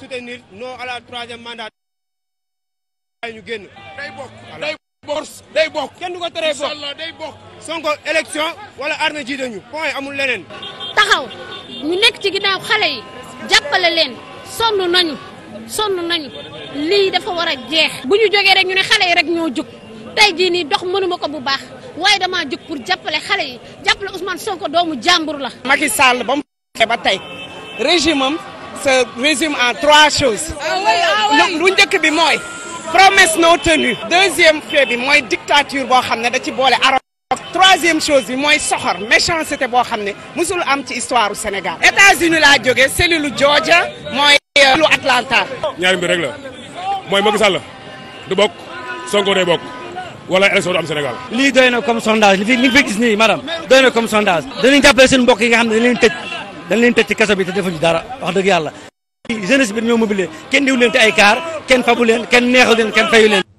soutenir non à la troisième mandat. ñu génn. day bokk day bokk day kenn du ko teree bokk day bokk. Sonko élection wala arna jiite ñu point amul leneen. taxaw ñu nekk ci ginaaw xale yi jàppale leen sonn nañu sonn nañu lii dafa war a jeex. bu ñu jógee rek ñu ne xale yi rek ñoo jóg tey jii nii dox mënuma ko bu baax waaye damaa jóg pour jàppale xale yi jàppale Ousmane Sonko doomu jàmbur la. Macky Sall ba mu ba tey régime se résume en trois choses. Ah ah lu njëkk bi mooy. promesse non tenue. deuxième fait bi mooy dictature boo xam ne da ci boole arrogance. troisième chose bi mooy soxor méchanceté boo xam ne musul am ci histoire u Sénégal. États-Unis laa jógee cellule Georgia mooy euh, lu Atlanta. ñaari bi rek mooy Macky Sall du bokk Sonko day bokk wala élection du am Sénégal. lii doy na comme sondage li fi li fi gis nii doy na comme sondage. danañ jàppale seen mbokk yi nga xam ne dañ leen dañ leen tëj ci kaso bi te defuñu dara wax dëgg yàlla jeunesse bi ñoo mobiliser kenn diw leen te ay kaar kenn fabu leen kenn neexu leen leen